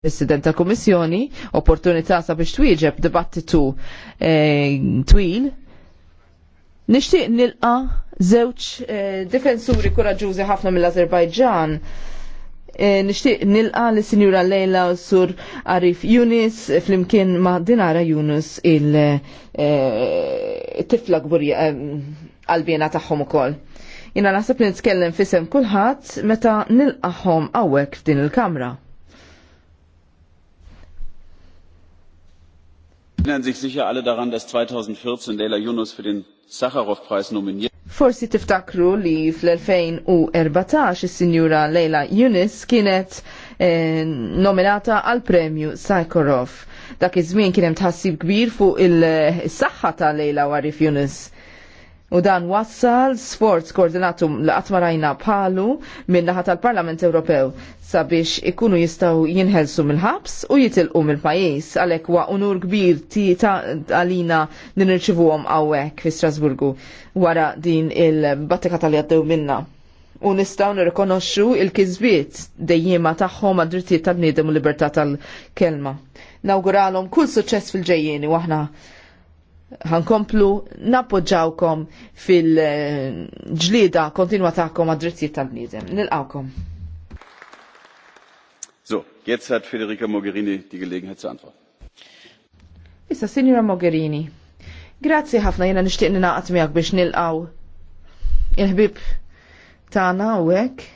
President tal-Komissjoni, opportunità sabiex twieġeb dibattitu eh, twil. Nixtieq nilqa żewġ eh, difensuri kuraġużi ħafna mill-Azerbajġan. Eh, nixtieq nilqa l sinjura Lejla Sur Arif Yunis flimkien ma' Dinara Yunus il-tifla gburja għalbjena tagħhom ukoll. Jina naħseb nitkellem fisem kulħadd meta nilqahom hawnhekk f'din il-kamra. Erinnern sich sicher alle daran, dass 2014 Leila Yunus für den preis nominiert. Forsi tiftakru li fl-2014 is-sinjura Leila Yunus kienet eh, nominata għal premju Sakharov. Dak iż-żmien kien hemm tħassib kbir fuq il-saħħa ta' Leila Warif Yunus U dan wassal sforz koordinatu l atmarajna palu minn naħa tal-Parlament Ewropew sabiex ikunu jistaw jinħelsu mill-ħabs u jitilqu mill-pajis għalek wa unur kbir ti għalina nirċivuhom għawek fi Strasburgu wara din il-battika tal-jaddew minna. U nistaw nirkonoxxu il-kizbiet dejjima tagħhom għad-drittijiet tal-bniedem u libertà tal-kelma. Nawguralhom kull suċċess fil-ġejjieni waħna ħankomplu nappoġġawkom fil-ġlida kontinwa taħkom għad-drittijiet tal-bniedem. Nilqawkom. So, jetzt hat Federica Mogherini die Gelegenheit zu antworten. Issa, Signora Mogherini, grazzi ħafna jena nishtiq ninaqat miegħek biex nilqaw il-ħbib tagħna u hekk